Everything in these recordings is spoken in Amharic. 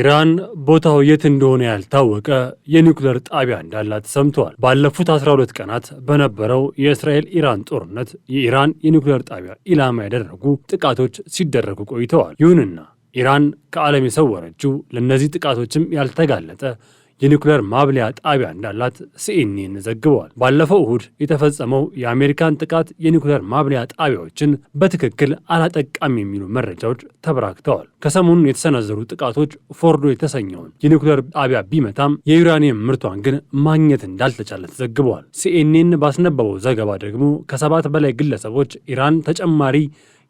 ኢራን ቦታው የት እንደሆነ ያልታወቀ የኒውክለር ጣቢያ እንዳላት ሰምተዋል። ባለፉት 12 ቀናት በነበረው የእስራኤል ኢራን ጦርነት የኢራን የኒውክለር ጣቢያ ኢላማ ያደረጉ ጥቃቶች ሲደረጉ ቆይተዋል። ይሁንና ኢራን ከዓለም የሰወረችው ለእነዚህ ጥቃቶችም ያልተጋለጠ የኒውክሌር ማብለያ ጣቢያ እንዳላት ሲኤንኤን ዘግበዋል። ባለፈው እሁድ የተፈጸመው የአሜሪካን ጥቃት የኒውክሌር ማብለያ ጣቢያዎችን በትክክል አላጠቃም የሚሉ መረጃዎች ተበራክተዋል። ከሰሞኑን የተሰነዘሩ ጥቃቶች ፎርዶ የተሰኘውን የኒውክሌር ጣቢያ ቢመታም የዩራኒየም ምርቷን ግን ማግኘት እንዳልተቻለ ተዘግበዋል። ሲኤንኤን ባስነበበው ዘገባ ደግሞ ከሰባት በላይ ግለሰቦች ኢራን ተጨማሪ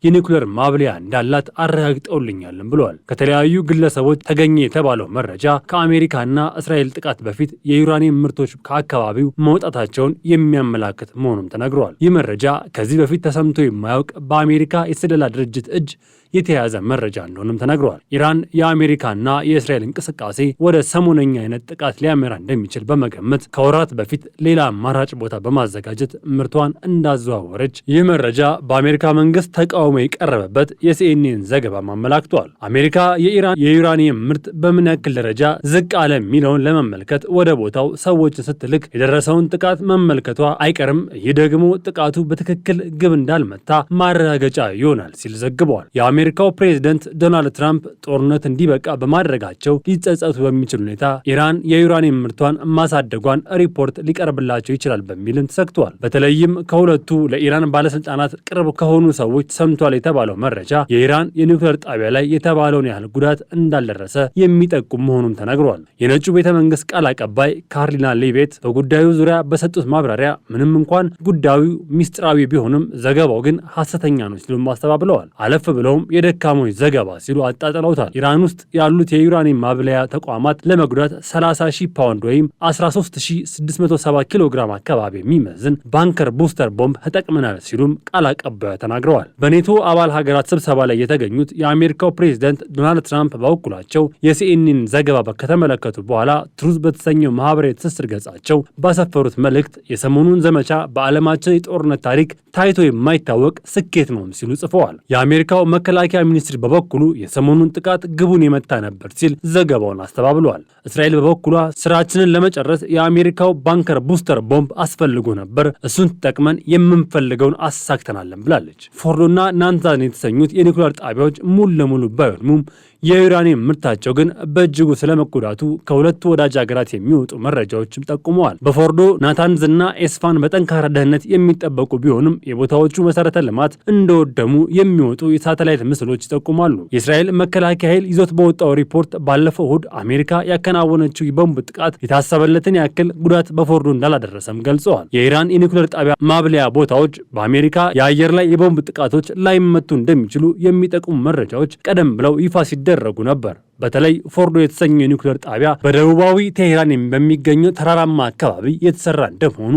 የኒውክሌር ማብለያ እንዳላት አረጋግጠውልኛልም ብለዋል። ከተለያዩ ግለሰቦች ተገኘ የተባለው መረጃ ከአሜሪካና እስራኤል ጥቃት በፊት የዩራኒየም ምርቶች ከአካባቢው መውጣታቸውን የሚያመላክት መሆኑም ተናግረዋል። ይህ መረጃ ከዚህ በፊት ተሰምቶ የማያውቅ በአሜሪካ የስለላ ድርጅት እጅ የተያያዘ መረጃ እንደሆነም ተነግሯል። ኢራን የአሜሪካና የእስራኤል እንቅስቃሴ ወደ ሰሞነኛ አይነት ጥቃት ሊያመራ እንደሚችል በመገመት ከወራት በፊት ሌላ አማራጭ ቦታ በማዘጋጀት ምርቷን እንዳዘዋወረች ይህ መረጃ በአሜሪካ መንግስት ተቃውሞ የቀረበበት የሲኤንኤን ዘገባም አመላክቷል። አሜሪካ የኢራን የዩራኒየም ምርት በምን ያክል ደረጃ ዝቅ አለ የሚለውን ለመመልከት ወደ ቦታው ሰዎችን ስትልክ የደረሰውን ጥቃት መመልከቷ አይቀርም። ይህ ደግሞ ጥቃቱ በትክክል ግብ እንዳልመታ ማረጋገጫ ይሆናል ሲል ዘግቧል። የአሜሪካው ፕሬዝደንት ዶናልድ ትራምፕ ጦርነት እንዲበቃ በማድረጋቸው ሊጸጸቱ በሚችል ሁኔታ ኢራን የዩራኒየም ምርቷን ማሳደጓን ሪፖርት ሊቀርብላቸው ይችላል በሚልም ተሰግቷል። በተለይም ከሁለቱ ለኢራን ባለስልጣናት ቅርብ ከሆኑ ሰዎች ሰምቷል የተባለው መረጃ የኢራን የኒውክሌር ጣቢያ ላይ የተባለውን ያህል ጉዳት እንዳልደረሰ የሚጠቁም መሆኑም ተናግሯል። የነጩ ቤተ መንግስት ቃል አቀባይ ካርሊና ሌቤት በጉዳዩ ዙሪያ በሰጡት ማብራሪያ ምንም እንኳን ጉዳዩ ሚስጥራዊ ቢሆንም ዘገባው ግን ሐሰተኛ ነው ሲሉም አስተባብለዋል። አለፍ ብለውም የደካሞች ዘገባ ሲሉ አጣጥለውታል። ኢራን ውስጥ ያሉት የዩራኒየም ማብለያ ተቋማት ለመጉዳት 30 ሺህ ፓውንድ ወይም 13670 ኪሎ ግራም አካባቢ የሚመዝን ባንከር ቡስተር ቦምብ ተጠቅመናል ሲሉም ቃል አቀባዩ ተናግረዋል። በኔቶ አባል ሀገራት ስብሰባ ላይ የተገኙት የአሜሪካው ፕሬዚደንት ዶናልድ ትራምፕ በበኩላቸው የሲኤንኤን ዘገባ ከተመለከቱ በኋላ ትሩዝ በተሰኘው ማህበራዊ ትስስር ገጻቸው ባሰፈሩት መልእክት የሰሞኑን ዘመቻ በዓለማችን የጦርነት ታሪክ ታይቶ የማይታወቅ ስኬት ነውም ሲሉ ጽፈዋል። የአሜሪካው መከላ መከላከያ ሚኒስትር በበኩሉ የሰሞኑን ጥቃት ግቡን የመታ ነበር ሲል ዘገባውን አስተባብሏል። እስራኤል በበኩሏ ስራችንን ለመጨረስ የአሜሪካው ባንከር ቡስተር ቦምብ አስፈልጎ ነበር፣ እሱን ተጠቅመን የምንፈልገውን አሳክተናለን ብላለች። ፎርዶና ናንዛን የተሰኙት የኒኩሌር ጣቢያዎች ሙሉ ለሙሉ ባይሆኑም የዩራኒየም ምርታቸው ግን በእጅጉ ስለመጎዳቱ ከሁለቱ ወዳጅ ሀገራት የሚወጡ መረጃዎችም ጠቁመዋል። በፎርዶ ናታንዝ እና ኤስፋን በጠንካራ ደህንነት የሚጠበቁ ቢሆንም የቦታዎቹ መሰረተ ልማት እንደወደሙ የሚወጡ የሳተላይት ምስሎች ይጠቁማሉ። የእስራኤል መከላከያ ኃይል ይዞት በወጣው ሪፖርት ባለፈው እሁድ አሜሪካ ያከናወነችው የቦምብ ጥቃት የታሰበለትን ያክል ጉዳት በፎርዶ እንዳላደረሰም ገልጸዋል። የኢራን የኒውክሌር ጣቢያ ማብለያ ቦታዎች በአሜሪካ የአየር ላይ የቦምብ ጥቃቶች ላይመቱ እንደሚችሉ የሚጠቁሙ መረጃዎች ቀደም ብለው ይፋ ሲደ ይደረጉ ነበር። በተለይ ፎርዶ የተሰኘው የኒውክሌር ጣቢያ በደቡባዊ ቴሄራን በሚገኘው ተራራማ አካባቢ የተሰራ እንደመሆኑ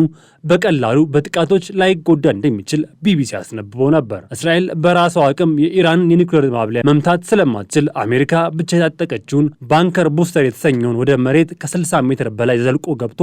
በቀላሉ በጥቃቶች ላይጎዳ እንደሚችል ቢቢሲ አስነብቦ ነበር። እስራኤል በራሷ አቅም የኢራንን የኒውክሌር ማብለያ መምታት ስለማትችል አሜሪካ ብቻ የታጠቀችውን ባንከር ቡስተር የተሰኘውን ወደ መሬት ከ60 ሜትር በላይ ዘልቆ ገብቶ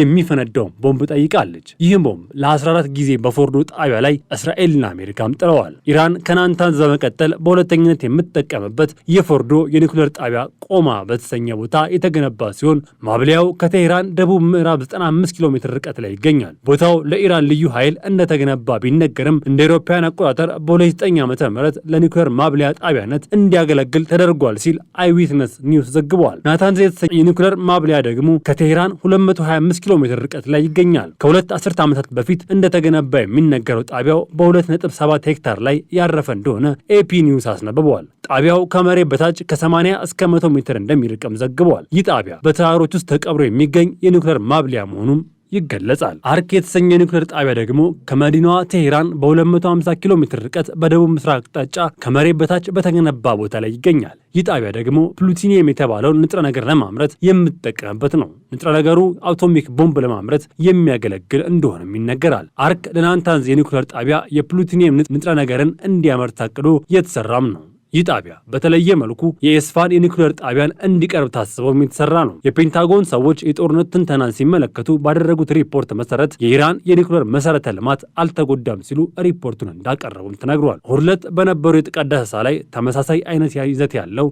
የሚፈነዳውን ቦምብ ጠይቃለች። ይህም ቦምብ ለ14 ጊዜ በፎርዶ ጣቢያ ላይ እስራኤልና አሜሪካም ጥለዋል። ኢራን ከናታንዝ በመቀጠል በሁለተኝነት የምትጠቀምበት የፎርዶ የኒውክሌር ጣቢያ ቆማ በተሰኘ ቦታ የተገነባ ሲሆን ማብለያው ከቴህራን ደቡብ ምዕራብ 95 ኪሎ ሜትር ርቀት ላይ ይገኛል። ቦታው ለኢራን ልዩ ኃይል እንደተገነባ ቢነገርም እንደ አውሮፓውያን አቆጣጠር በ2009 ዓ.ም ለኒውክሌር ማብለያ ጣቢያነት እንዲያገለግል ተደርጓል ሲል አይዊትነስ ኒውስ ዘግቧል። ናታንዝ የተሰኘ የኒውክሌር ማብለያ ደግሞ ከቴህራን 225 ኪሎ ሜትር ርቀት ላይ ይገኛል። ከሁለት አስርት ዓመታት በፊት እንደተገነባ የሚነገረው ጣቢያው በ2.7 ሄክታር ላይ ያረፈ እንደሆነ ኤፒ ኒውስ አስነብቧል። ጣቢያው ከመሬት በታች ከ80 እስከ 100 ሜትር እንደሚርቅም ዘግቧል። ይህ ጣቢያ በተራሮች ውስጥ ተቀብሮ የሚገኝ የኒውክሌር ማብሊያ መሆኑም ይገለጻል። አርክ የተሰኘ ኒውክሌር ጣቢያ ደግሞ ከመዲናዋ ቴሄራን በ250 ኪሎ ሜትር ርቀት በደቡብ ምስራቅ አቅጣጫ ከመሬት በታች በተገነባ ቦታ ላይ ይገኛል። ይህ ጣቢያ ደግሞ ፕሉቲኒየም የተባለውን ንጥረ ነገር ለማምረት የምትጠቀምበት ነው። ንጥረ ነገሩ አቶሚክ ቦምብ ለማምረት የሚያገለግል እንደሆነም ይነገራል። አርክ ለናታንዝ የኒውክሌር ጣቢያ የፕሉቲኒየም ንጥረ ነገርን እንዲያመርት ታቅዶ የተሰራም ነው። ይህ ጣቢያ በተለየ መልኩ የኤስፋን የኒኩሌር ጣቢያን እንዲቀርብ ታስበውም የተሰራ ነው። የፔንታጎን ሰዎች የጦርነት ትንተናን ሲመለከቱ ባደረጉት ሪፖርት መሰረት የኢራን የኒኩሌር መሰረተ ልማት አልተጎዳም ሲሉ ሪፖርቱን እንዳቀረቡም ተነግሯል። ሁለት በነበሩ የጥቃት ዳሰሳ ላይ ተመሳሳይ አይነት ይዘት ያለው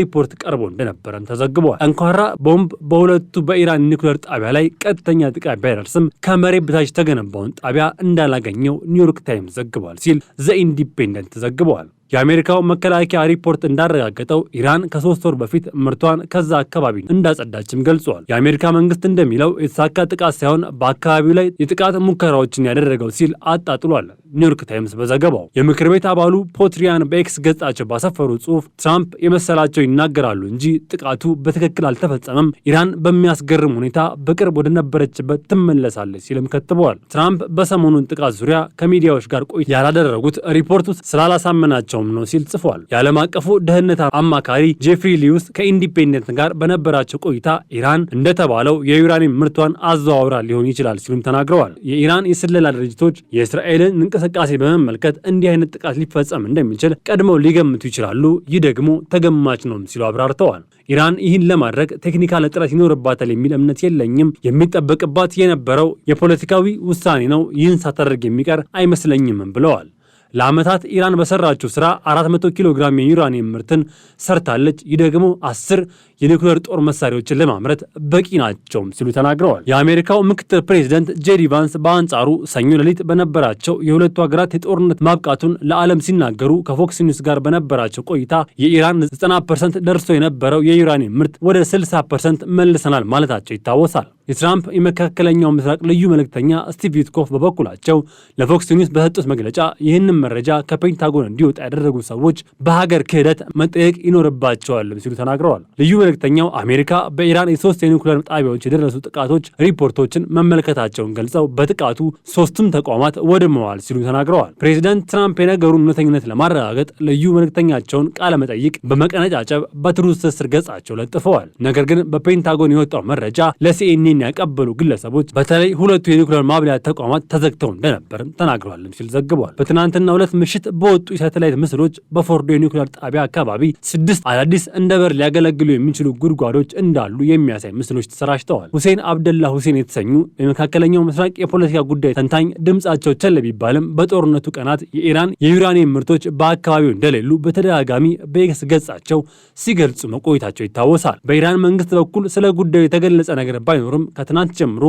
ሪፖርት ቀርቦ እንደነበረም ተዘግቧል። እንኳራ ቦምብ በሁለቱ በኢራን ኒኩሌር ጣቢያ ላይ ቀጥተኛ ጥቃት ቢያደርስም ከመሬት በታች የተገነባውን ጣቢያ እንዳላገኘው ኒውዮርክ ታይምስ ዘግቧል ሲል ዘኢንዲፔንደንት ኢንዲፔንደንት ዘግቧል። የአሜሪካው መከላከያ ሪፖርት እንዳረጋገጠው ኢራን ከሶስት ወር በፊት ምርቷን ከዛ አካባቢ እንዳጸዳችም ገልጿል። የአሜሪካ መንግስት እንደሚለው የተሳካ ጥቃት ሳይሆን በአካባቢው ላይ የጥቃት ሙከራዎችን ያደረገው ሲል አጣጥሏል። ኒውዮርክ ታይምስ በዘገባው የምክር ቤት አባሉ ፖትሪያን በኤክስ ገጻቸው ባሰፈሩ ጽሑፍ ትራምፕ የመሰላቸው ይናገራሉ እንጂ ጥቃቱ በትክክል አልተፈጸመም፣ ኢራን በሚያስገርም ሁኔታ በቅርብ ወደነበረችበት ትመለሳለች ሲልም ከትበዋል። ትራምፕ በሰሞኑን ጥቃት ዙሪያ ከሚዲያዎች ጋር ቆይታ ያላደረጉት ሪፖርቱ ስላላሳመናቸው እየሰራውም ነው ሲል ጽፏል። የዓለም አቀፉ ደህንነት አማካሪ ጄፍሪ ሊውስ ከኢንዲፔንደንት ጋር በነበራቸው ቆይታ ኢራን እንደተባለው የዩራኒየም ምርቷን አዘዋውራ ሊሆን ይችላል ሲሉም ተናግረዋል። የኢራን የስለላ ድርጅቶች የእስራኤልን እንቅስቃሴ በመመልከት እንዲህ አይነት ጥቃት ሊፈጸም እንደሚችል ቀድመው ሊገምቱ ይችላሉ። ይህ ደግሞ ተገማች ነው ሲሉ አብራርተዋል። ኢራን ይህን ለማድረግ ቴክኒካል እጥረት ይኖርባታል የሚል እምነት የለኝም። የሚጠበቅባት የነበረው የፖለቲካዊ ውሳኔ ነው። ይህን ሳታደርግ የሚቀር አይመስለኝምም ብለዋል። ለዓመታት ኢራን በሰራችው ሥራ 400 ኪሎ ግራም የዩራኒየም ምርትን ሰርታለች። ይህ ደግሞ 10 የኒውክሌር ጦር መሳሪያዎችን ለማምረት በቂ ናቸው ሲሉ ተናግረዋል። የአሜሪካው ምክትል ፕሬዚደንት ጄዲ ቫንስ በአንጻሩ ሰኞ ሌሊት በነበራቸው የሁለቱ ሀገራት የጦርነት ማብቃቱን ለዓለም ሲናገሩ ከፎክስ ኒውስ ጋር በነበራቸው ቆይታ የኢራን 90 ፐርሰንት ደርሶ የነበረው የዩራኒየም ምርት ወደ 60 ፐርሰንት መልሰናል ማለታቸው ይታወሳል። የትራምፕ የመካከለኛው ምስራቅ ልዩ መልእክተኛ ስቲቭ ዊትኮፍ በበኩላቸው ለፎክስ ኒውስ በሰጡት መግለጫ ይህንን መረጃ ከፔንታጎን እንዲወጣ ያደረጉ ሰዎች በሀገር ክህደት መጠየቅ ይኖርባቸዋል ሲሉ ተናግረዋል። ልዩ መልእክተኛው አሜሪካ በኢራን የሶስት የኒውክሌር ጣቢያዎች የደረሱ ጥቃቶች ሪፖርቶችን መመልከታቸውን ገልጸው በጥቃቱ ሶስቱም ተቋማት ወድመዋል ሲሉ ተናግረዋል። ፕሬዚዳንት ትራምፕ የነገሩን እውነተኝነት ለማረጋገጥ ልዩ መልእክተኛቸውን ቃለመጠይቅ በመቀነጫጨብ በትሩዝ ትስስር ገጻቸው ለጥፈዋል። ነገር ግን በፔንታጎን የወጣው መረጃ ለሲኤንኤን ያቀበሉ ግለሰቦች በተለይ ሁለቱ የኒውክሌር ማብላያ ተቋማት ተዘግተው እንደነበርም ተናግረዋል ሲል ዘግቧል። በትናንትና ሁለት ምሽት በወጡ የሳተላይት ምስሎች በፎርዶ የኒውክሌር ጣቢያ አካባቢ ስድስት አዳዲስ እንደ በር ሊያገለግሉ የሚችሉ የሚመስሉ ጉድጓዶች እንዳሉ የሚያሳይ ምስሎች ተሰራጭተዋል። ሁሴን አብደላ ሁሴን የተሰኙ የመካከለኛው ምስራቅ የፖለቲካ ጉዳይ ተንታኝ ድምጻቸው ቸል ቢባልም በጦርነቱ ቀናት የኢራን የዩራኒየም ምርቶች በአካባቢው እንደሌሉ በተደጋጋሚ በኤክስ ገጻቸው ሲገልጹ መቆየታቸው ይታወሳል። በኢራን መንግስት በኩል ስለ ጉዳዩ የተገለጸ ነገር ባይኖርም ከትናንት ጀምሮ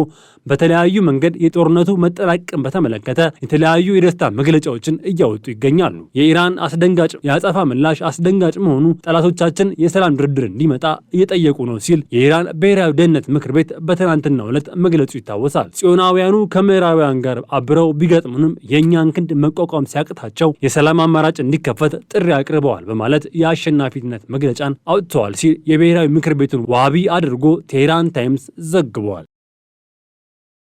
በተለያዩ መንገድ የጦርነቱ መጠላቅም በተመለከተ የተለያዩ የደስታ መግለጫዎችን እያወጡ ይገኛሉ። የኢራን አስደንጋጭ የአጸፋ ምላሽ አስደንጋጭ መሆኑ ጠላቶቻችን የሰላም ድርድር እንዲመጣ እየጠየቁ ነው ሲል የኢራን ብሔራዊ ደህንነት ምክር ቤት በትናንትናው ዕለት መግለጹ ይታወሳል። ጽዮናውያኑ ከምዕራባውያን ጋር አብረው ቢገጥሙንም የእኛን ክንድ መቋቋም ሲያቅታቸው የሰላም አማራጭ እንዲከፈት ጥሪ አቅርበዋል በማለት የአሸናፊነት መግለጫን አውጥተዋል ሲል የብሔራዊ ምክር ቤቱን ዋቢ አድርጎ ቴህራን ታይምስ ዘግቧል።